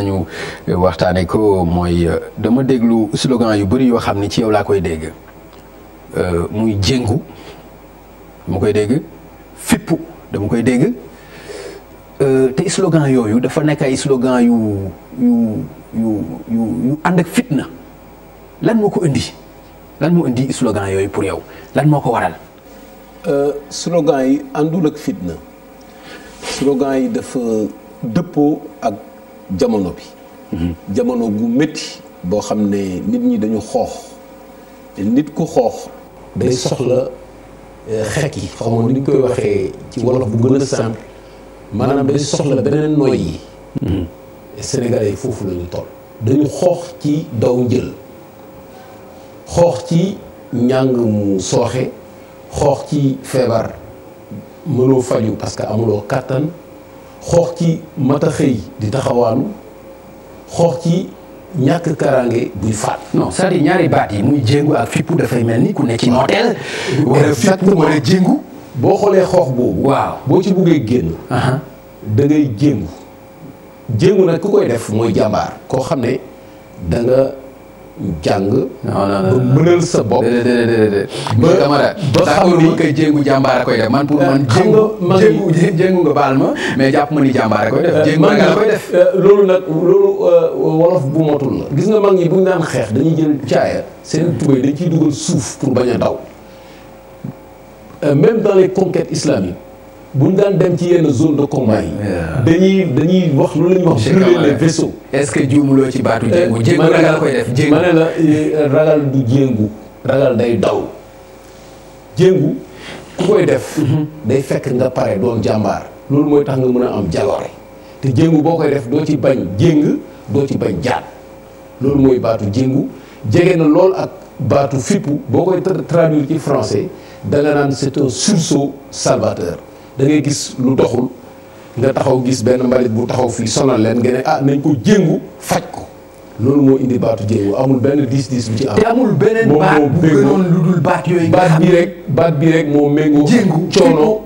nañu waxtaane ko mooy euh, dama déglu slogan yu bëri yoo xam ni ci yow laa koy dégg euh, muy jéngu dama koy dégg fippu dama koy dégg euh, te slogan yooyu dafa nekk ay slogan yu yu yu yu ànd ak fitna lan moo ko indi lan moo indi slogan yooyu pour yow lan moo ko waral slogan yi àndul ak fitna slogan yi dafa dëppoo ak jamono bi mhm. jamono bu métti boo xam ne nit ñi dañu xoox nit ku xoox day soxla eh, xekk yi xaw ma koy waxee ci wolof bu gën a simple maanaam day soxla beneen noy yi mhm. sénégalais yi foofu lañu ñu toll dañu xoox ci daw njël xoox ci njàng mu sooxe xoox ci feebar mënoo faju parce que amuloo kàttan xoox ci mata xëy di taxawaalu xoox ci ñàkk karange buy faat. non cest ñaari baat yi muy jéngu ak fippu dafay mel ni ku ne ci nooteel. wala fippu wala jéngu. boo xoolee xoox boobu. waaw boo ci buggee génn. da ngay jéngu jéngu nag ku koy def mooy jàmbaar. koo xam ne da jàng. ba mënal sa bopp. ba ba xam ni que jéngu jàmbaar a koy def man pour man. xam nga jéngu jéngu nga baal ma mais jàpp ma ni jàmbaar a koy def. Euh, jéngu nga la koy def euh, loolu nag loolu euh, wolof bu motul la. gis nga mag ñi bu ñu daan xeex dañuy jël caaya seen hmm. tubéy dañ ciy dugal suuf pour bañ a daw même dans les conquêtes islamiques. bu ñu daan dem ci yenn zone de combat yi. dañuy dañuy wax lu la ñuy wax. brûler les vaisseaux. est-ce que juumuloo ci baatu jéngu. Eh, jéngu ragal koy def jéngu ma ne la eh, ragal du jéngu. ragal day daw. jéngu ku koy def. Mhm. day fekk nga pare doon jàmbaar. loolu mooy tax nga mën a am jaloore. te jéngu boo koy def doo ci bañ jéng doo ci bañ jaat loolu mooy baatu jéngu jege na lool ak baatu fippu boo koy traduire ci français da nga naan c'est un sursaut salvateur. da ngay gis lu doxul nga taxaw gis benn mbalit bu taxaw fii sonal leen nga ne ah nañ ko jéngu faj ko loolu moo indi baatu jéngu amul benn diis diis bu ci am. te amul beneen baat bu gënoon lu dul baat yooyu. nga xam baat bi rek baat bi rek moo méngoo. jéngu coono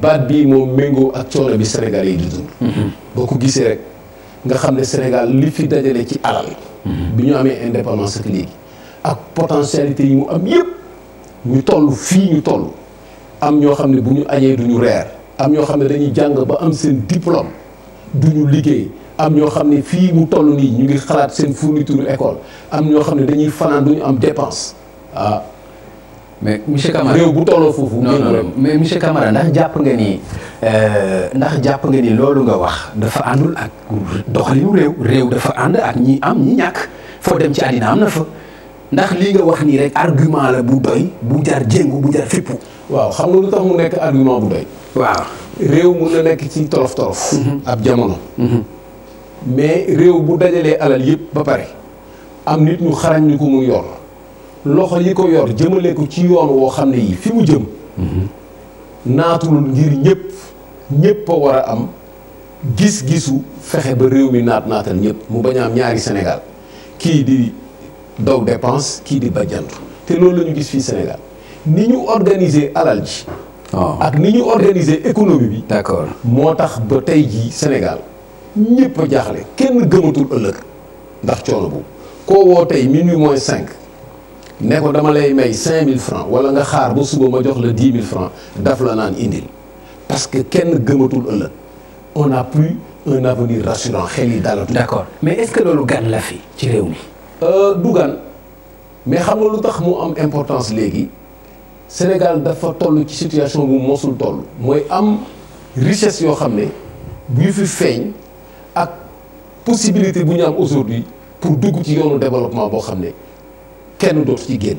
baat bii moo méngoo ak coono bi Sénégal yi di dund. Mhm. boo ko gisee rek nga xam ne Sénégal li fi dajale ci alal. Mhm. bi ñu amee indépendance ak léegi. ak potentialité yi mu am yëpp ñu toll fii ñu toll. am ñoo xam ne bu ñu añee du ñu reer am ñoo xam ne dañuy jàng ba am seen diplôme du ñu liggéey am ñoo xam ne fii mu toll nii ñu ngi xalaat seen fourniture école am ñoo xam ne dañuy fanaan duñu am dépense ah. mais monsieur Camara réew bu tolloo foofu. non non mais monsieur Camara ndax jàpp nga ni euh, ndax jàpp nga ni loolu nga wax dafa àndul ak doxalinu réew réew dafa ànd ak ñi am ñàkk foo dem ci àddina am na fa. ndax lii nga wax nii rek argument la bu doy bu jar jéngu bu jar fippu waaw xam nga lu tax mu nekk argument bu doy waaw réew mun na nekk ci tolof tolof mhm. ab jamono mhm. mais réew bu dajalee alal yëpp ba pare am nit ñu xarañ ni ko mu yor loxo yi ko yor jëmale ko ci yoon woo xam ne yi fi mu jëm mhm. naatulul ngir ñëpp ñëpp a war a am gis-gisu fexe ba réew mi naat naatal ñëpp mu bañ a am ñaari Sénégal kii di daw dépense kii di jant te lool la gis fii Sénégal ni ñu organiser alal ji. Ah. ak ni ñu organiser économie bi. d'accord moo tax ba tey jii Sénégal ñëpp a jaaxle kenn gëmatul ëllëg ndax coono boobu koo woo tey minuit moins cinq ne ko dama lay may cinq mille francs wala nga xaar ba suba ma jox la dix mille francs daf la naan indil parce que kenn gëmatul ëllëg on n'a plus un avenir rassurant xel yi dalatu. d'accord mais est-ce que loolu gan la fi ci réew mi. dugaan euh, mais xam nga lu tax mu am importance léegi Sénégal dafa toll ci situation bu mosul toll mooy am richesse yoo xam ne bu ñu fi feeñ ak possibilité bu ñu am aujourd'hui pour dugg ci yoonu développement boo xam ne kenn dootu ci génn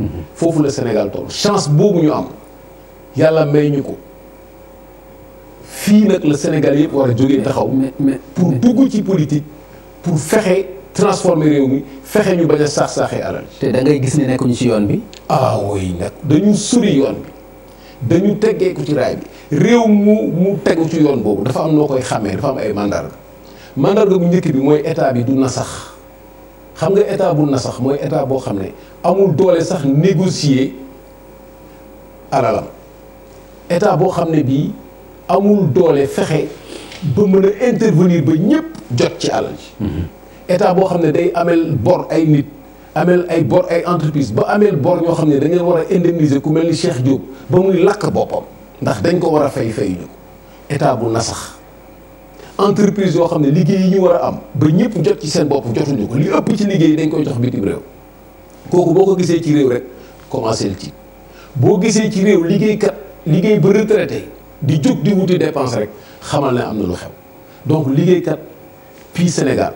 mhm. foofu la Sénégal toll chance boobu ñu am yàlla may ñu ko fii nag la Sénégal yëpp war a jógee taxaw pour dugg ci politique pour fexe transformer réew mi fexe ñu bañ a saax-saaxee alal te da ngay gis ne nekkuñu ci yoon bi ah oui nag dañu suri yoon bi dañu teggeeku ci raay bi réew mu mu tegu ci yoon boobu dafa am noo koy xàmmee dafa am ay mandarga mandarga bu njëkk bi mooy état bi du nasax xam nga état bu nasax mooy état boo xam ne amul doole sax négocier alalam état boo xam ne bii amul doole fexe ba mën a intervenir ba ñëpp jot ci alal ji mhm. état boo xam ne day ameel bor ay nit ameel ay bor ay entreprise ba ameel bor ñoo xam ne da ngeen war a indemniser ku mel ni Cheikh Diop ba muy làkk boppam ndax dañ ko war a fay fay ñu état bu nasax entreprise yoo xam ne liggéey yi ñu war a am ba ñëpp jot ci seen bopp jotuñu ko li ëpp ci liggéey dañ koy jox bitim réew kooku boo ko gisee ci réew rek commencé l ci boo gisee ci réew liggéeykat liggéey ba retraité di jug di wuti dépense rek xamal ne am na lu xew donc liggéeykat fii Sénégal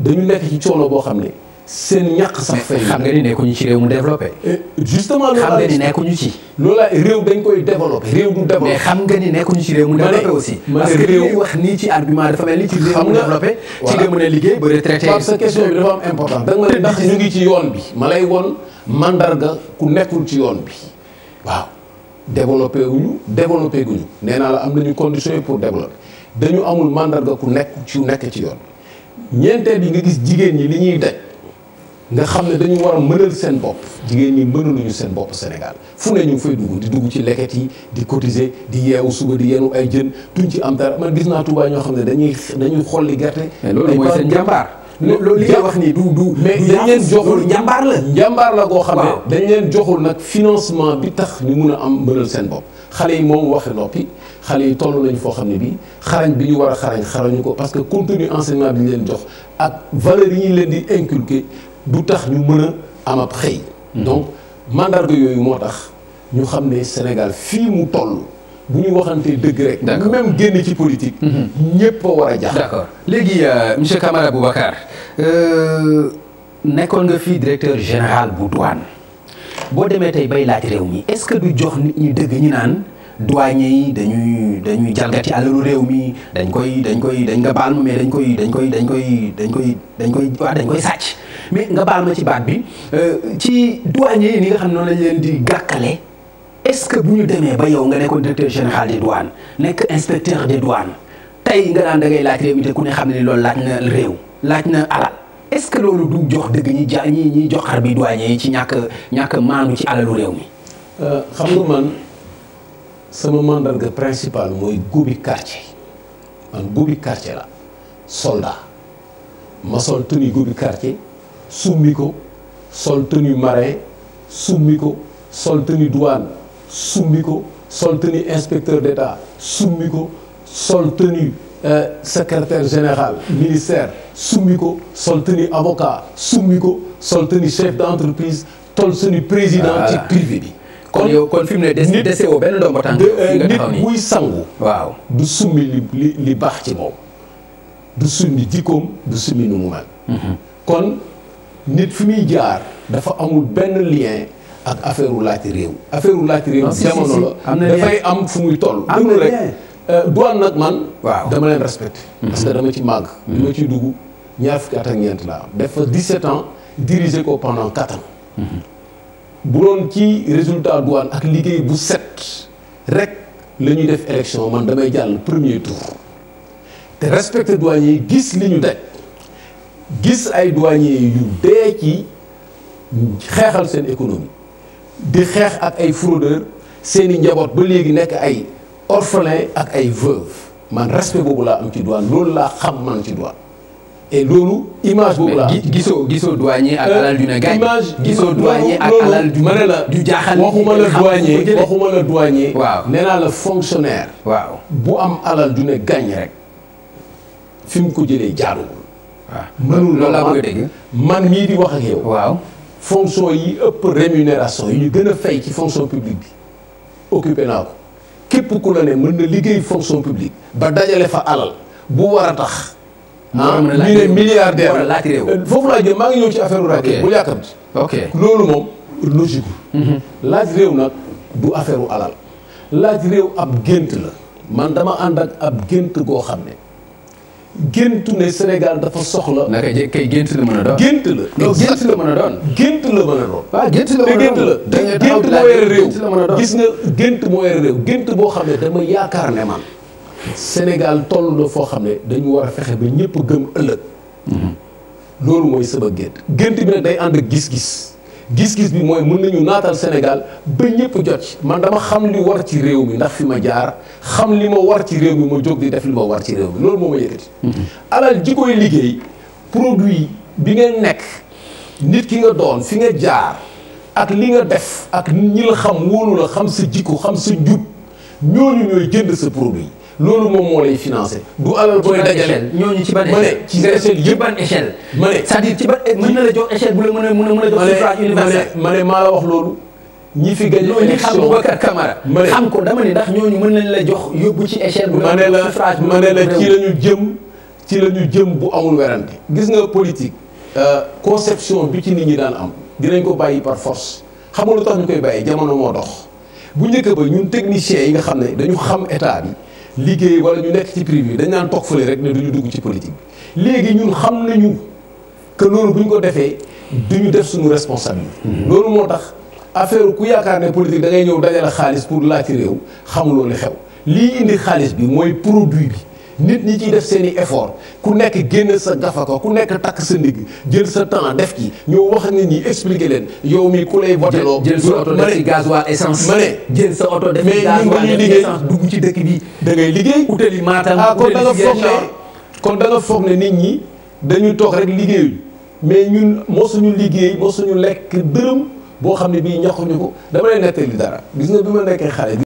dañu nekk ci coono boo xam ne seen ñàq sax fay xam nga ni nekkuñu ci réew mu développé eh, justement loolu xam nga ni nekkuñu ci réew dañ koy développé réew du développé mais xam nga ni nekkuñu ci réew mu développé aussi parce que li ñuy wax nii ci argument dafa mel ni ci réew mu développé ci nga mën a liggéey ba retraité sa question bi dafa am important da nga ma ndax ñu ngi ci yoon bi ma lay won mandarga ku nekkul ci yoon bi waaw développé wuñu développé guñu nee naa la am nañu conditions yi pour développer dañu amul mandarga ku nekk ci nekk ci yoon ñeenteel bi nga gis jigéen ñi li ñuy daj nga xam ne dañu war a mënal seen bopp jigéen ñi mënaluñu seen bopp Sénégal fu ne ñu ngi fay di dugg ci leket yi di cotiser di yeewu suba di yenu ay jën duñ ci am dara man gis naa Touba ñoo xam ne dañuy dañuy xolli gerte. loolu mooy seen jàmbaar. loolu li nga wax nii du du mais dañ leen joxul njàmbaar la njàmbaar la koo xam ne dañ leen joxul nag financement bi tax ñu mun a am mënal seen bopp xale yi moom waxi noppi xale yi toll nañu foo xam ne bii xarañ bi ñu war a xarañ xarañu ko parce que contenu enseignement bi ñu leen jox ak valeur yi ñu leen di inculquer du tax ñu mën a am ab xëy. Hmm. donc mandarga yooyu moo tax ñu xam ne Sénégal fii mu toll. bu ñu waxantee dëgg rek. même génn ci politique. Hmm. ñëpp a war a jax. d' accord léegi euh, monsieur Camara Boubacar euh, nekkoon nga fii directeur général bu douane. boo demee tey bay laaj réew mi est-ce que du jox nit ñi dëgg ñu naan douanier yi dañuy dañuy jalgati alalu réew mii dañ koy dañ koy dañ nga baal mais dañ koy dañ koy dañ koy dañ koy dañ koy waaw dañ koy sàcc mais nga baal ma ci baat bi euh, ci douanier yi ni nga xam ne noonu lañ leen di gàkkale est-ce que bu ñu demee ba yow nga nekkoon directeur général des douanes nekk inspecteur des douanes tey nga daan da ngay laaj réew mi te ku ne xam ne ni loolu laaj na réew laaj na alal que du jox dëgg ñi ja ñi ñiy jox xar bi douanier yi ci ñàkk ñàkk maandu ci alalu réew mi. Euh, xam nga man sama màndarga principal mooy gubi quartier man gubi karce la soldat ma sol tenue gubi quartier summi ko sol tenue marin summi ko sol tenue duwaan summi ko sol tenue inspecteur d'état summi ko sol tenue. Euh, secrétaire général ministère summi ko sol tenue avocat summi ko sol chef d'entreprise tol suñu président ci privé bi kon yow kon fi mu ne des dese woo benn ndombo tànk nit buy sangu du summi li baax ci moom du summi jikkoom du summi nu mu mel mhm. kon nit fi muy jaar dafa amul benn lien ak affaire u laajte réew affaire u laajte réew dafay am fu muy toll déglu rek Euh, douane nag man. waaw dama leen respecté. Mhm. parce que dama ci màgg. Mhm. bi ma ci dugg ñaar fukki at ak ñeent laa def fa 17 ans diriger ko pendant 4 ans. Mhm. bu doon ci résultat douane ak liggéey bu set rek la ñuy def élection man damay jàll premier tour te respecté douanier yi gis li ñu daj gis ay douanier yu dee ci xeexal seen économie di xeex ak ay fraudeur seeni njaboot ba léegi nekk ay. orphelin ak ay veuve man respect boobu laa am ci douane loolu laa xam man ci douane et loolu image boobu laa. gisoo gisoo douanier ak euh, alal du ne gaañ. image gisoo douanier ak alal du. ne bu am alal du ne gaañ rek fi mu ko jëlee jaaduwul. Ah. mënul laa bëgg a dégg man mii di wax ak yow. waaw yi ëpp rémunération yi ñu gën a fay ci fonction publique bi occupé naa ko. képp ku la ne mën na liggéey fonction publique ba dajale fa alal bu war a tax. Ah, maanaam ñu ne milliardaire euh, foofu laa jëm maa ngi ñëw ci affaire rajo bu yàkkamti ok loolu moom logique mhm. laaj réew nag du affaire alal laaj réew ab gént la man dama ànd ak ab gént goo xam ne. géntu ne Sénégal dafa soxla. naka je kay gént la mën a doon. gént la loolu gént la mën a doon. gént la mën a doon. waaw gént la mën a doon gis nga gént moo yore réew gént boo xam ne dama yaakaar ne man Sénégal toll na foo xam ne dañu war a fexe bi ñëpp gëm ëllëg. Mhm. loolu mooy sama gént. gént bi nag day ànd gis-gis. gis-gis bi mooy mën nañu naatal Sénégal ba ñëpp jot ci man dama xam li war ci réew mi ndax fi ma jaar xam li ma war ci réew mi ma jóg di def li ma war ci réew loolu moo ma yëkkati. Mhm. alal ji koy liggéey produit bi nga nekk nit ki nga doon fi nga jaar ak li nga def ak ñi la xam wóolu la xam sa jikko xam sa njub ñooñu ñooy jënd sa produit. loolu moom moo lay financé du alal booy dajalee ñoo ñu ci ban échelle yëpp ban échelle ma ne cest ci ban mën na bu la mën a mën a mën a jox suffrage ma ne maa la wax loolu ñi fi gagné élection ni xam Boubacar Camara xam ko dama ne ndax ñooñu mën nañ la jox yóbbu ci échelle bu la mën a suffrage ma ne na ci la ñu jëm ci la ñu jëm bu amul werante gis nga politique euh, conception bi ci nit ñi daan am dinañ ko bàyyi par force xam nga lu tax ñu koy bàyyi jamono moo dox bu njëkk ba ñun techniciens yi nga xam ne dañu xam état yi liggéey wala ñu nekk ci privé dañ naan toog fële rek ne duñu dugg ci politique bi léegi ñun xam nañu que loolu bu ñu ko defee duñu def suñu responsabilité. Mhm. loolu moo tax affaire ku yaakaar ne politique da ngay ñëw dajale xaalis pour laa ci réew xamuloo li xew lii indi xaalis bi mooy produit bi. nit ñi ci def seen i effort ku nekk génn sa gafaka ku nekk takk sa ndigg jël sa temps def ci ñoo wax nit ñi expliquer leen yow mi ku lay voteloo jël sa oto def ci gasoil essence ma ne jël sa oto def ci gasoil dugg ci dëkk bi da liggéey utali maatam ah kon da foog ne kon da foog ne nit ñi dañuy toog rek liggéeyuñ mais ñun moo suñu liggéey moo suñu lekk dërëm boo xam ne bii ñoxuñu ko dama lay nettali dara gis nga bi ma nekkee xale